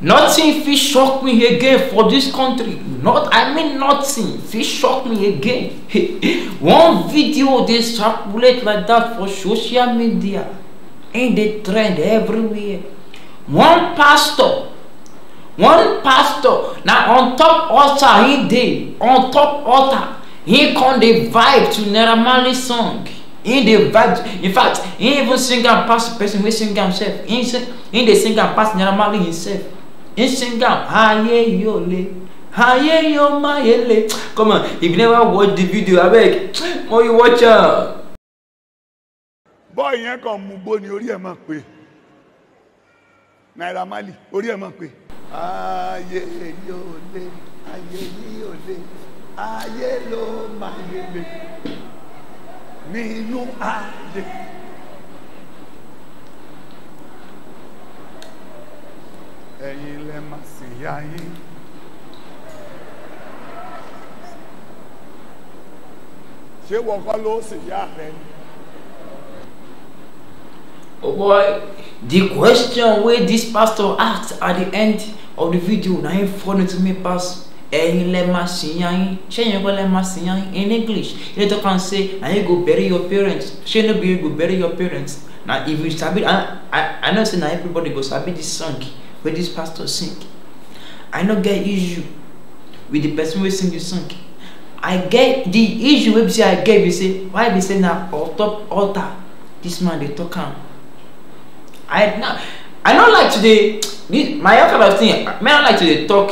Nothing fit shock me again for this country. Not, I mean nothing fit shock me again. One video they circulate like that for social media and they trend everywhere. One pastor, one pastor, now on top altar he did, on top altar, he con the vibe to Naramali song. He the vibe, in fact, he even sing and pass person who sing himself. He, he they sing and pass Naramali himself. Instagram ayé yóò le ayé yóò má yé le come on if you never watch the video abeg mo you watch am. bọ́ọ̀ yẹn kàn mú gbó ni orí ẹ̀ máa pè Naira Marley orí ẹ̀ máa pè ayé yóò le ayé yóò le ayé ló má yé le nínú ayé. ẹ̀yin lẹ máa sì yá yín. ṣé wọ́n kọ́ ló sì yá rẹ ni. Oh boy, the question wey this pastor ask at the end of the video na him funny to me pass. ẹ̀yin lẹ máa sìn yá yín ṣẹyìn kọ lẹ máa sìn yá in English he talk am say na you go bury your parents ṣé no be you go bury your parents na if you sabi i i i know say na everybody go sabi this song. Where this pastor sing i not get issue with the person wey sing di song i get the issue where be say i get be say why be say now on top altar this man they talk am i now i no like to dey my own kind of thing may i like to talk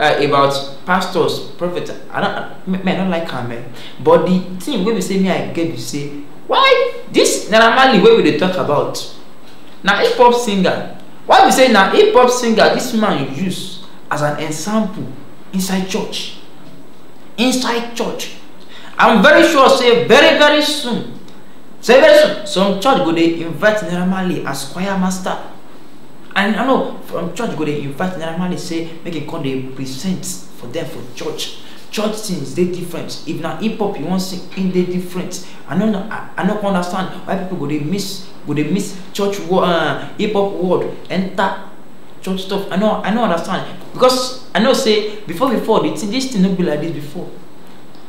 uh, about pastors prophets i don't may i no like him. eh but the thing wey be say me i get be say why this normally where wey we dey talk about now hip hop singer why be say na hip hop singer dis man use as an example inside church inside church i'm very sure say very very soon say very soon some church go dey invite naira mali as choir master and i know from church go dey invite naira mali say make him e come dey present for dem for church church things dey different if na hip hop you wan sing e dey different i no i no understand why pipo go dey miss. Would they miss church uh, hip hop world enter church stuff i no i no understand because i know say before before the thing this thing no be like this before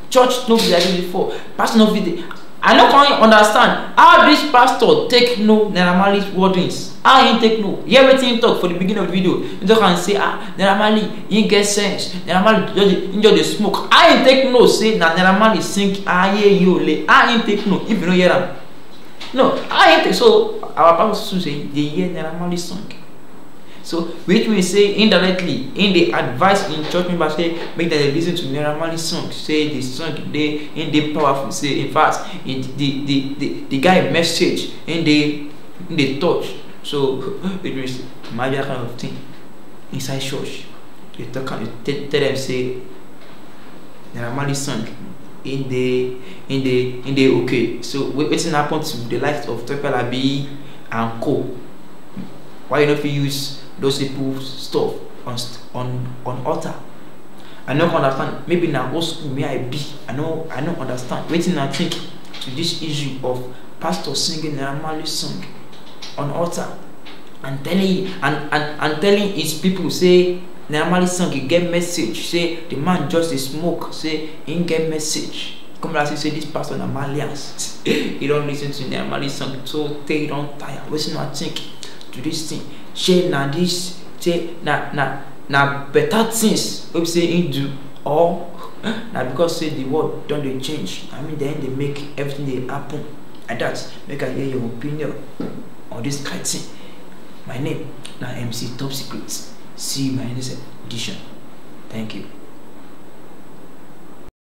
church no be like this before pastor no fit dey i no come understand how this pastor take know naira marley wordings how him take know hear wetin him talk for the beginning of the video him talk am say ah naira marley him get sense naira marley just him just dey smoke how him take know say na naira marley sing aye ah, yole how him take know if you no hear am. no i e take so our pastor too say dey hear naira mali song so which we say indirectly in dey advice in church members say make dem listen to naira mali song say di song dey in dey powerful say in fact the di the, the guy message in dey in the touch so it means to mahajana kind of thing inside church You talk you tell dem say naira mali song. in the in the in the okay so wetin happen to the likes of Topalabi and co why you no fit use those people stuff on on on altar i no understand maybe na old school where i be i no i no understand wetin i think to this issue of pastor singing naira song on altar and telling and and and telling his people say naira song e get message say the man just dey smoke say him get message Come comrades say this pastor na malians He don lis ten to naira song so tey e don tire wetin una think to this thing shey na this say na na na better things wey be say him do or na because say the world don dey change i mean dem dey make everything dey happen like that make i hear your opinion on dis kain thing my name na mc top secret C minus addition. Thank you.